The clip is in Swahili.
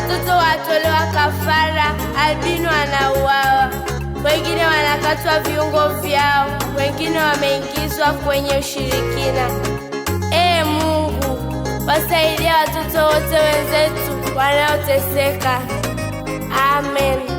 watoto watolewa kafara, albino wanauawa, wengine wanakatwa viungo vyao, wengine wameingizwa kwenye ushirikina. Ee Mungu, wasaidia watoto wote wenzetu wanaoteseka. Amen.